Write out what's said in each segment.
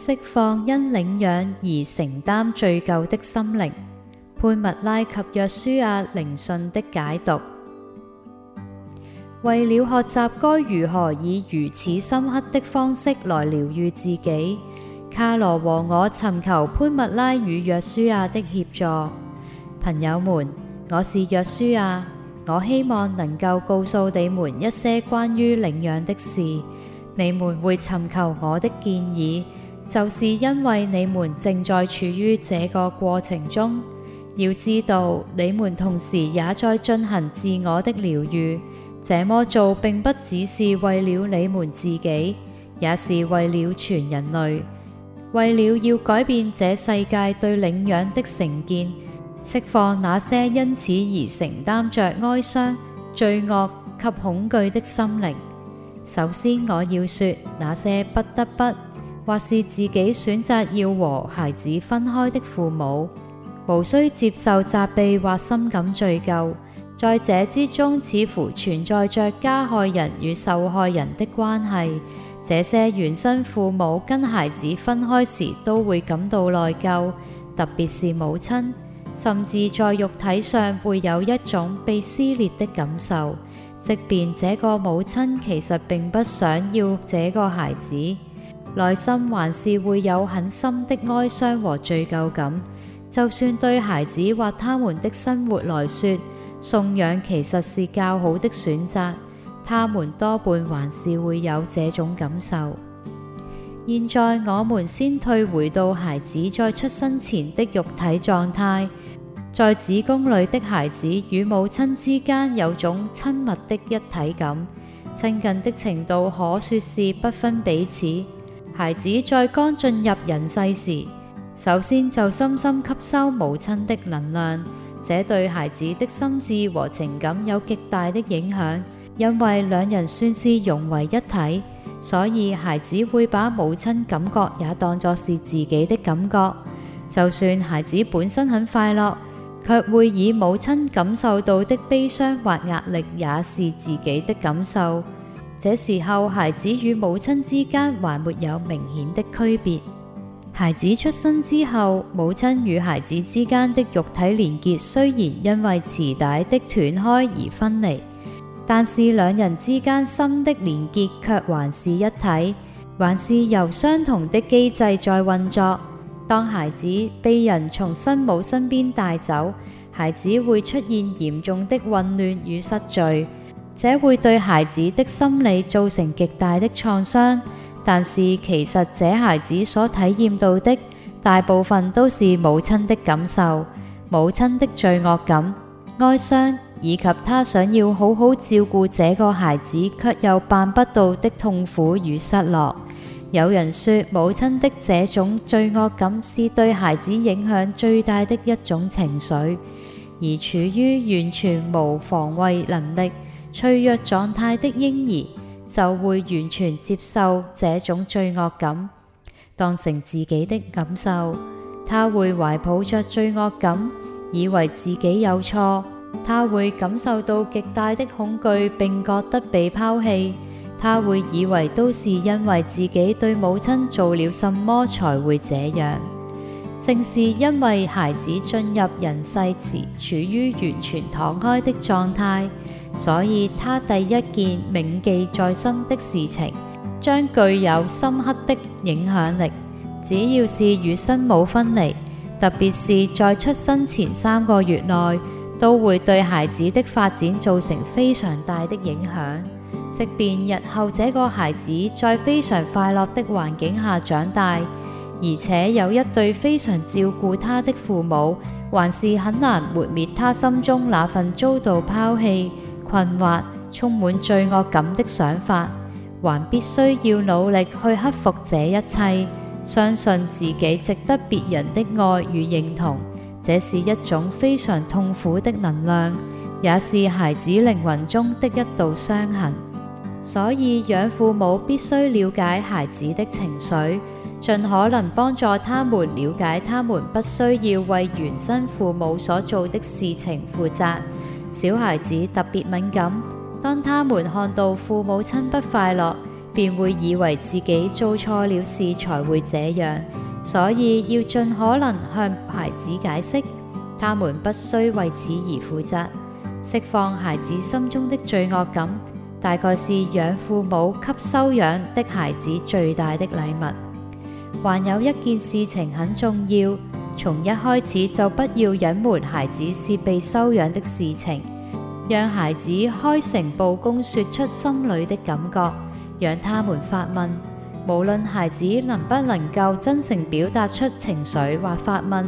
釋放因領養而承擔罪咎的心靈。潘蜜拉及約書亞靈訊的解讀，為了學習該如何以如此深刻的方式來療癒自己，卡羅和我尋求潘蜜拉與約書亞的協助。朋友們，我是約書亞，我希望能夠告訴你們一些關於領養的事。你們會尋求我的建議。就是因為你們正在處於這個過程中，要知道你們同時也在進行自我的療癒。這麼做并不只是為了你們自己，也是為了全人類。為了要改變這世界對領養的成見，釋放那些因此而承擔着哀傷、罪惡及恐懼的心靈。首先我要說，那些不得不。或是自己選擇要和孩子分開的父母，無需接受責備或深感罪咎。在這之中，似乎存在著加害人與受害人的關係。這些原生父母跟孩子分開時都會感到內疚，特別是母親，甚至在肉體上會有一種被撕裂的感受。即便這個母親其實並不想要這個孩子。內心還是會有很深的哀傷和罪疚感，就算對孩子或他們的生活來說，送養其實是較好的選擇，他們多半還是會有這種感受。現在我們先退回到孩子在出生前的肉體狀態，在子宮裡的孩子與母親之間有種親密的一體感，親近的程度可說是不分彼此。孩子在剛進入人世時，首先就深深吸收母親的能量，這對孩子的心智和情感有極大的影響。因為兩人算是融為一體，所以孩子會把母親感覺也當作是自己的感覺。就算孩子本身很快樂，卻會以母親感受到的悲傷或壓力，也是自己的感受。這時候，孩子與母親之間還沒有明顯的區別。孩子出生之後，母親與孩子之間的肉體連結雖然因為臍帶的斷開而分離，但是兩人之間心的連結卻還是一體，還是由相同的機制在運作。當孩子被人從生母身邊帶走，孩子會出現嚴重的混亂與失序。這會對孩子的心理造成極大的創傷，但是其實這孩子所體驗到的大部分都是母親的感受，母親的罪惡感、哀傷以及他想要好好照顧這個孩子卻又辦不到的痛苦與失落。有人說，母親的這種罪惡感是對孩子影響最大的一種情緒，而處於完全無防衛能力。脆弱狀態的嬰兒就會完全接受這種罪惡感，當成自己的感受。他會懷抱着罪惡感，以為自己有錯，他會感受到極大的恐懼並覺得被拋棄。他會以為都是因為自己對母親做了什麼才會這樣，正是因為孩子進入人世時處於完全敞開的狀態。所以他第一件銘記在心的事情，將具有深刻的影響力。只要是與生母分離，特別是在出生前三個月內，都會對孩子的發展造成非常大的影響。即便日後這個孩子在非常快樂的環境下長大，而且有一對非常照顧他的父母，還是很難抹滅他心中那份遭到拋棄。困惑、充滿罪惡感的想法，還必須要努力去克服這一切。相信自己值得別人的愛與認同，這是一種非常痛苦的能量，也是孩子靈魂中的一道傷痕。所以養父母必須了解孩子的情緒，盡可能幫助他們了解他們不需要為原生父母所做的事情負責。小孩子特別敏感，當他們看到父母親不快樂，便會以為自己做錯了事，才會這樣。所以要盡可能向孩子解釋，他們不需為此而負責，釋放孩子心中的罪惡感，大概是養父母給收養的孩子最大的禮物。還有一件事情很重要。從一開始就不要隱瞞孩子是被收養的事情，讓孩子開誠布公說出心裡的感覺，讓他們發問。無論孩子能不能夠真誠表達出情緒或發問，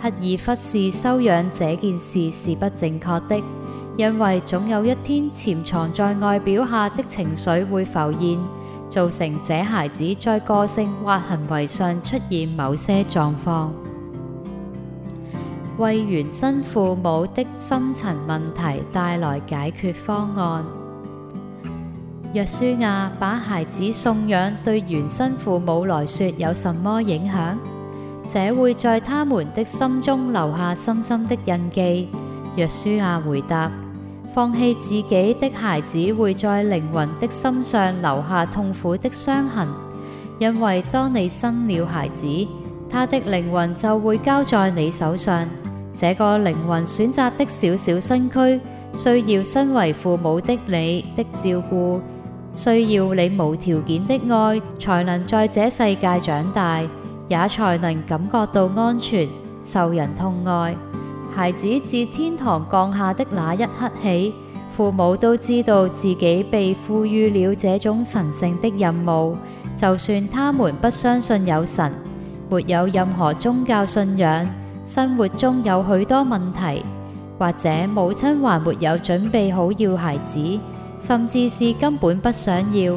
刻意忽視收養這件事是不正確的，因為總有一天潛藏在外表下的情緒會浮現，造成這孩子在個性或行為上出現某些狀況。為原生父母的深層問題帶來解決方案。約書亞，把孩子送養對原生父母來說有什麼影響？這會在他們的心中留下深深的印記。約書亞回答：放棄自己的孩子會在靈魂的心上留下痛苦的傷痕，因為當你生了孩子，他的靈魂就會交在你手上。這個靈魂選擇的小小身軀，需要身為父母的你的照顧，需要你無條件的愛，才能在這世界長大，也才能感覺到安全、受人痛愛。孩子自天堂降下的那一刻起，父母都知道自己被賦予了這種神聖的任務，就算他們不相信有神，沒有任何宗教信仰。生活中有許多問題，或者母親還沒有準備好要孩子，甚至是根本不想要。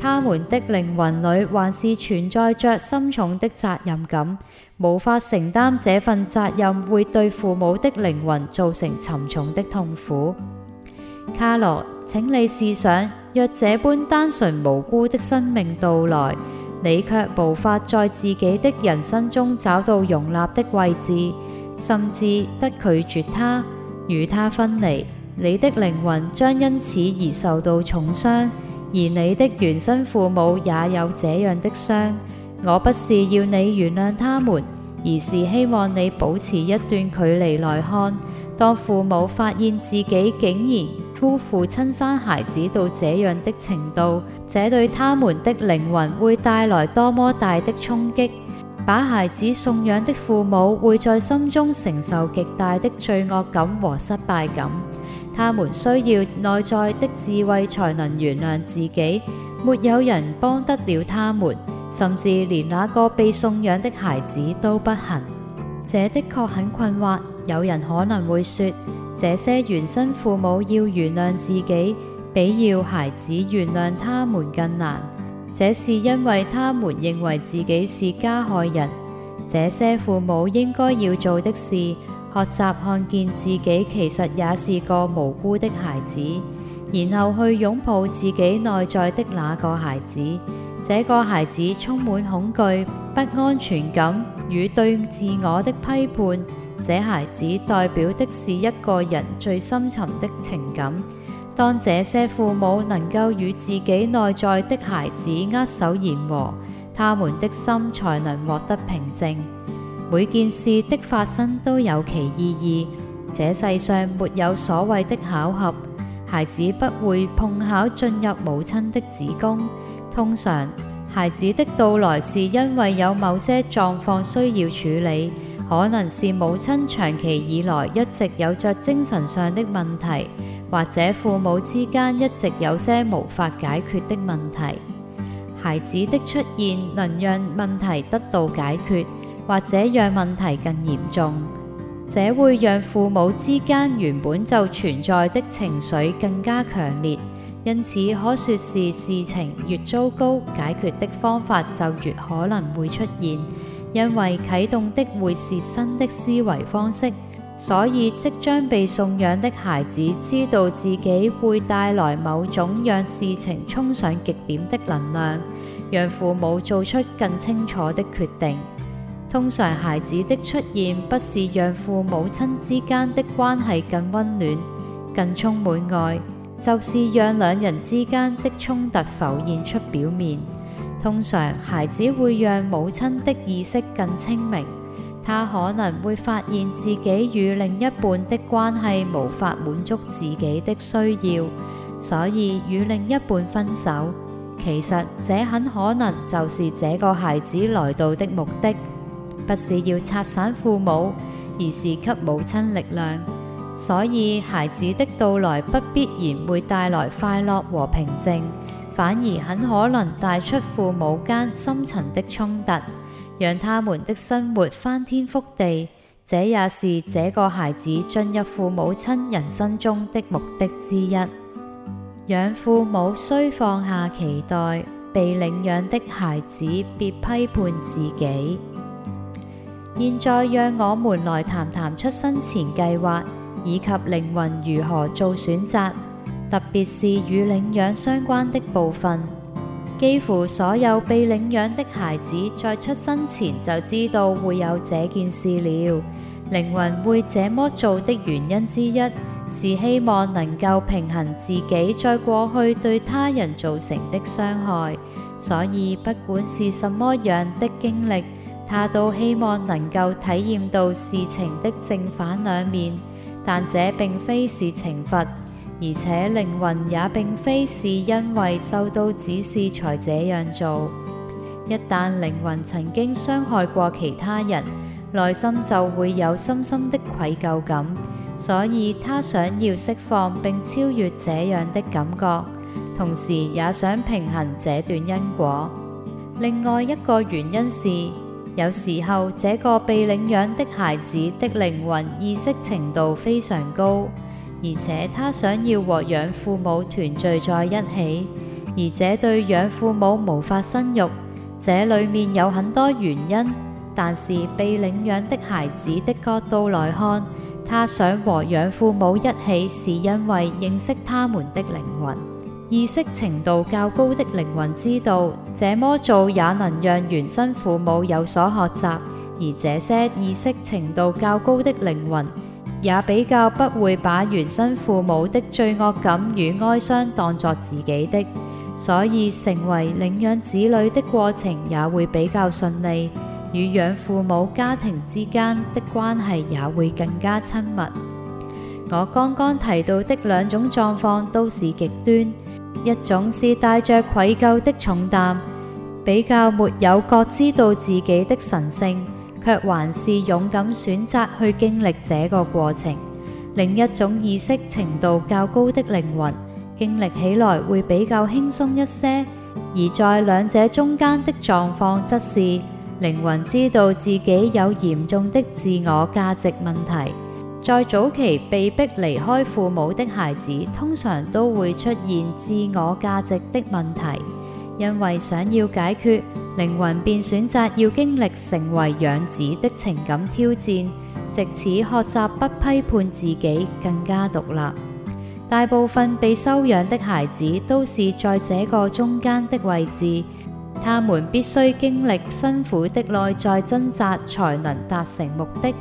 他們的靈魂裡還是存在着深重的責任感，無法承擔這份責任，會對父母的靈魂造成沉重的痛苦。卡羅，請你試想，若這般單純無辜的生命到來，你卻無法在自己的人生中找到容納的位置，甚至得拒絕他，與他分離。你的靈魂將因此而受到重傷，而你的原生父母也有這樣的傷。我不是要你原諒他們，而是希望你保持一段距離來看。當父母發現自己竟然……辜負親生孩子到這樣的程度，這對他們的靈魂會帶來多麼大的衝擊？把孩子送養的父母會在心中承受極大的罪惡感和失敗感，他們需要內在的智慧才能原諒自己。沒有人幫得了他們，甚至連那個被送養的孩子都不行。這的確很困惑。有人可能會說。這些原生父母要原諒自己，比要孩子原諒他們更難。這是因為他們認為自己是加害人。這些父母應該要做的是學習看見自己其實也是個無辜的孩子，然後去擁抱自己內在的那個孩子。這個孩子充滿恐懼、不安全感與對自我的批判。這孩子代表的是一個人最深沉的情感。當這些父母能夠與自己內在的孩子握手言和，他們的心才能獲得平靜。每件事的發生都有其意義，這世上沒有所謂的巧合，孩子不會碰巧進入母親的子宮。通常，孩子的到來是因為有某些狀況需要處理。可能是母親長期以來一直有着精神上的問題，或者父母之間一直有些無法解決的問題。孩子的出現，能讓問題得到解決，或者讓問題更嚴重。這會讓父母之間原本就存在的情緒更加強烈，因此可說是事情越糟糕，解決的方法就越可能會出現。因為啟動的會是新的思維方式，所以即將被送養的孩子知道自己會帶來某種讓事情衝上極點的能量，讓父母做出更清楚的決定。通常孩子的出現不是讓父母親之間嘅關係更溫暖、更充滿愛，就是讓兩人之間嘅衝突浮現出表面。通常，孩子會讓母親的意識更清明。他可能會發現自己與另一半的關係無法滿足自己的需要，所以與另一半分手。其實，這很可能就是這個孩子來到的目的，不是要拆散父母，而是給母親力量。所以，孩子的到來不必然會帶來快樂和平靜。反而很可能帶出父母間深層的衝突，讓他們的生活翻天覆地。這也是這個孩子進入父母親人生中的目的之一。養父母需放下期待，被領養的孩子別批判自己。現在讓我們來談談出生前計劃，以及靈魂如何做選擇。特別是與領養相關的部分，幾乎所有被領養的孩子在出生前就知道會有這件事了。靈魂會這麼做的原因之一，是希望能夠平衡自己在過去對他人造成的傷害。所以不管是什麼樣的經歷，他都希望能夠體驗到事情的正反兩面。但這並非是懲罰。而且靈魂也並非是因為受到指示才這樣做。一旦靈魂曾經傷害過其他人，內心就會有深深的愧疚感，所以他想要釋放並超越這樣的感覺，同時也想平衡這段因果。另外一個原因是，有時候這個被領養的孩子的靈魂意識程度非常高。而且他想要和養父母團聚在一起，而這對養父母無法生育，這裏面有很多原因。但是被領養的孩子的角度來看，他想和養父母一起，是因為認識他們的靈魂。意識程度較高的靈魂知道，這麼做也能讓原生父母有所學習，而這些意識程度較高的靈魂。也比較不會把原生父母的罪惡感與哀傷當作自己的，所以成為領養子女的過程也會比較順利，與養父母家庭之間的關係也會更加親密。我剛剛提到的兩種狀況都是極端，一種是帶着愧疚的重擔，比較沒有覺知道自己的神聖。卻還是勇敢選擇去經歷這個過程。另一種意識程度較高的靈魂，經歷起來會比較輕鬆一些；而在兩者中間的狀況，則是靈魂知道自己有嚴重的自我價值問題。在早期被逼離開父母的孩子，通常都會出現自我價值的問題，因為想要解決。靈魂便選擇要經歷成為養子的情感挑戰，藉此學習不批判自己，更加獨立。大部分被收養的孩子都是在這個中間的位置，他們必須經歷辛苦的內在掙扎才能達成目的。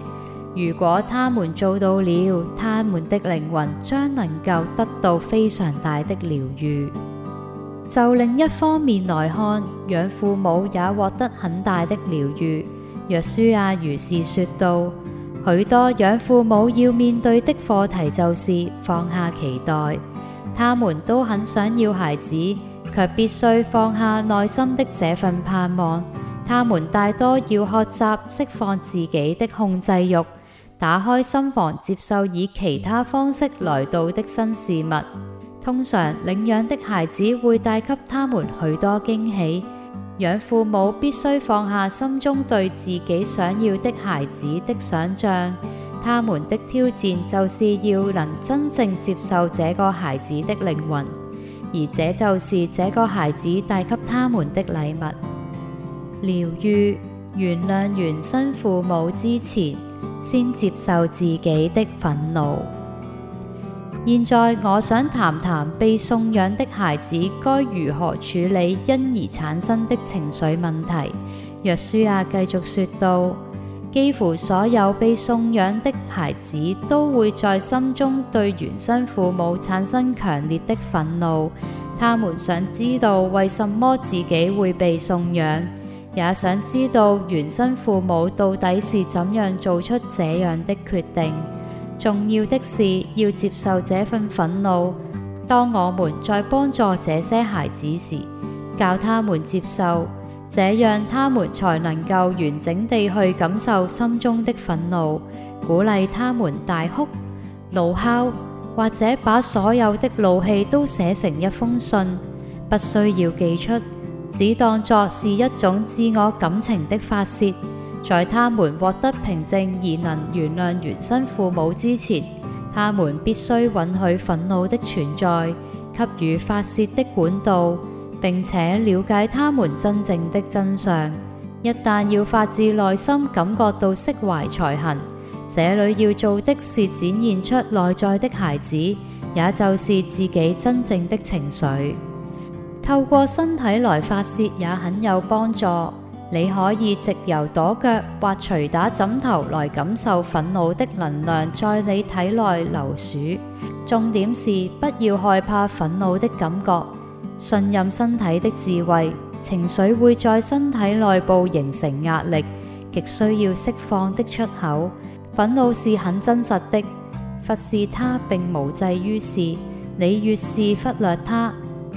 如果他們做到了，他們的靈魂將能夠得到非常大的療愈。就另一方面來看，養父母也獲得很大的療癒。約書亞、啊、如是說道：許多養父母要面對的課題就是放下期待，他們都很想要孩子，卻必須放下內心的這份盼望。他們大多要學習釋放自己的控制欲，打開心房，接受以其他方式來到的新事物。通常領養的孩子會帶給他們許多驚喜，養父母必須放下心中對自己想要的孩子的想象，他們的挑戰就是要能真正接受這個孩子的靈魂，而這就是這個孩子帶給他們的禮物。療癒，原諒原生父母之前，先接受自己的憤怒。現在我想談談被送養的孩子該如何處理因而產生的情緒問題。約書亞繼續說道，幾乎所有被送養的孩子都會在心中對原生父母產生強烈的憤怒，他們想知道為什麼自己會被送養，也想知道原生父母到底是怎樣做出這樣的決定。重要的是要接受這份憤怒。當我們在幫助這些孩子時，教他們接受，這樣他們才能夠完整地去感受心中的憤怒。鼓勵他們大哭、怒吼，或者把所有的怒氣都寫成一封信，不需要寄出，只當作是一種自我感情的發洩。在他們獲得平靜而能原諒原生父母之前，他們必須允許憤怒的存在，給予發洩的管道，並且了解他們真正的真相。一旦要發自內心感覺到釋懷才行。這裏要做的是展現出內在的孩子，也就是自己真正的情緒。透過身體來發洩也很有幫助。你可以自由跺腳或捶打枕頭來感受憤怒的能量在你體內流暑。重點是不要害怕憤怒的感覺，信任身體的智慧。情緒會在身體內部形成壓力，極需要釋放的出口。憤怒是很真實的，忽視它並無濟於事。你越是忽略它，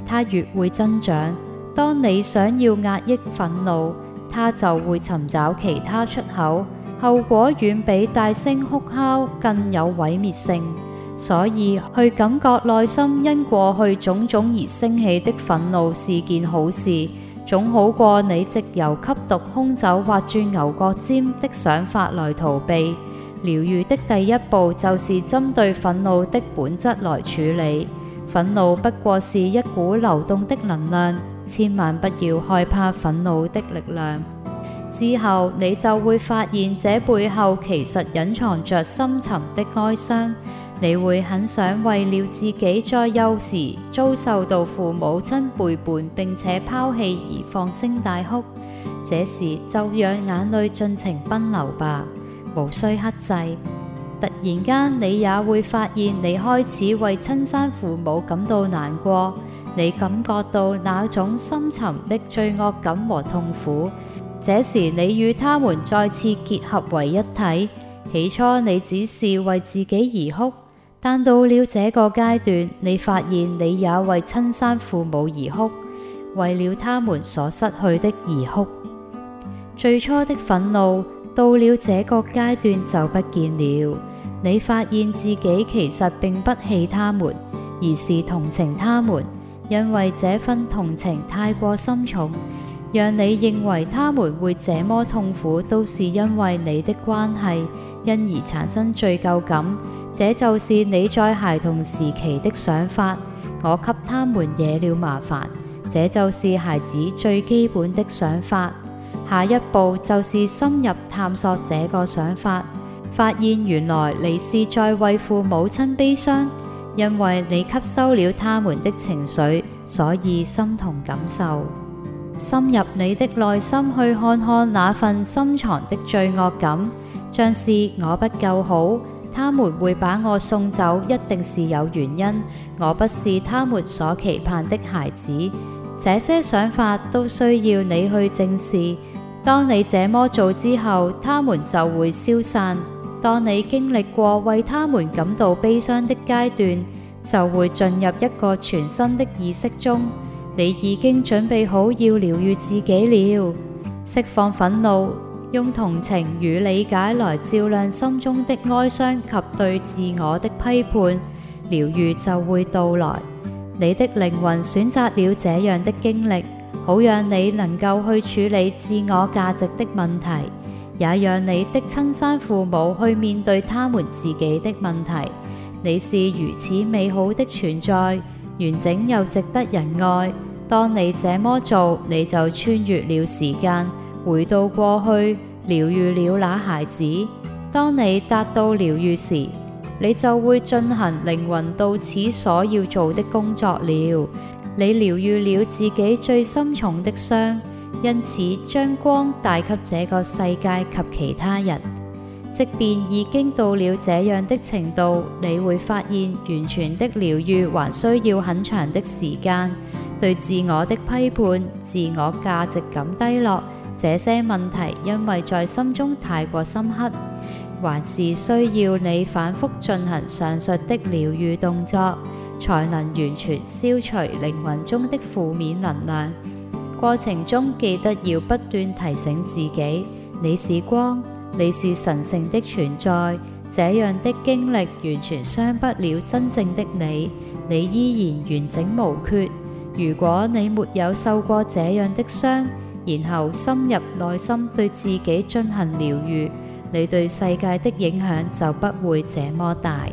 它越會增長。當你想要壓抑憤怒，他就會尋找其他出口，後果遠比大聲哭喊更有毀滅性。所以去感覺內心因過去種種而升起的憤怒是件好事，總好過你藉由吸毒、酗酒或鑽牛角尖的想法來逃避。療癒的第一步就是針對憤怒的本質來處理。憤怒不過是一股流動的能量。千萬不要害怕憤怒的力量，之後你就會發現這背後其實隱藏着深沉的哀傷。你會很想為了自己在幼時遭受到父母親背叛並且拋棄而放聲大哭，這時就讓眼淚盡情奔流吧，無需克制。突然間，你也會發現你開始為親生父母感到難過。你感覺到那種深沉的罪惡感和痛苦，這時你與他們再次結合為一體。起初你只是為自己而哭，但到了這個階段，你發現你也為親生父母而哭，為了他們所失去的而哭。最初的憤怒到了這個階段就不見了，你發現自己其實並不氣他們，而是同情他們。因為這份同情太過深重，讓你認為他們會這麼痛苦，都是因為你的關係，因而產生罪疚感。這就是你在孩童時期的想法，我給他們惹了麻煩。這就是孩子最基本的想法。下一步就是深入探索這個想法，發現原來你是在為父母親悲傷。因為你吸收了他們的情緒，所以心同感受。深入你的內心去看看那份深藏的罪惡感，像是我不夠好，他們會把我送走，一定是有原因。我不是他們所期盼的孩子，這些想法都需要你去正視。當你這麼做之後，他們就會消散。當你經歷過為他們感到悲傷的階段，就會進入一個全新的意識中。你已經準備好要療癒自己了，釋放憤怒，用同情與理解來照亮心中的哀傷及對自我的批判，療癒就會到來。你的靈魂選擇了這樣的經歷，好讓你能夠去處理自我價值的問題。也讓你的親生父母去面對他們自己的問題。你是如此美好的存在，完整又值得人愛。當你這麼做，你就穿越了時間，回到過去，療癒了那孩子。當你達到療癒時，你就會進行靈魂到此所要做的工作了。你療癒了自己最深重的傷。因此，將光帶給這個世界及其他人。即便已經到了這樣的程度，你會發現完全的療癒還需要很長的時間。對自我的批判、自我價值感低落這些問題，因為在心中太過深刻，還是需要你反覆進行上述的療癒動作，才能完全消除靈魂中的負面能量。過程中記得要不斷提醒自己，你是光，你是神聖的存在。這樣的經歷完全傷不了真正的你，你依然完整無缺。如果你沒有受過這樣的傷，然後深入內心對自己進行療癒，你對世界的影響就不會這麼大。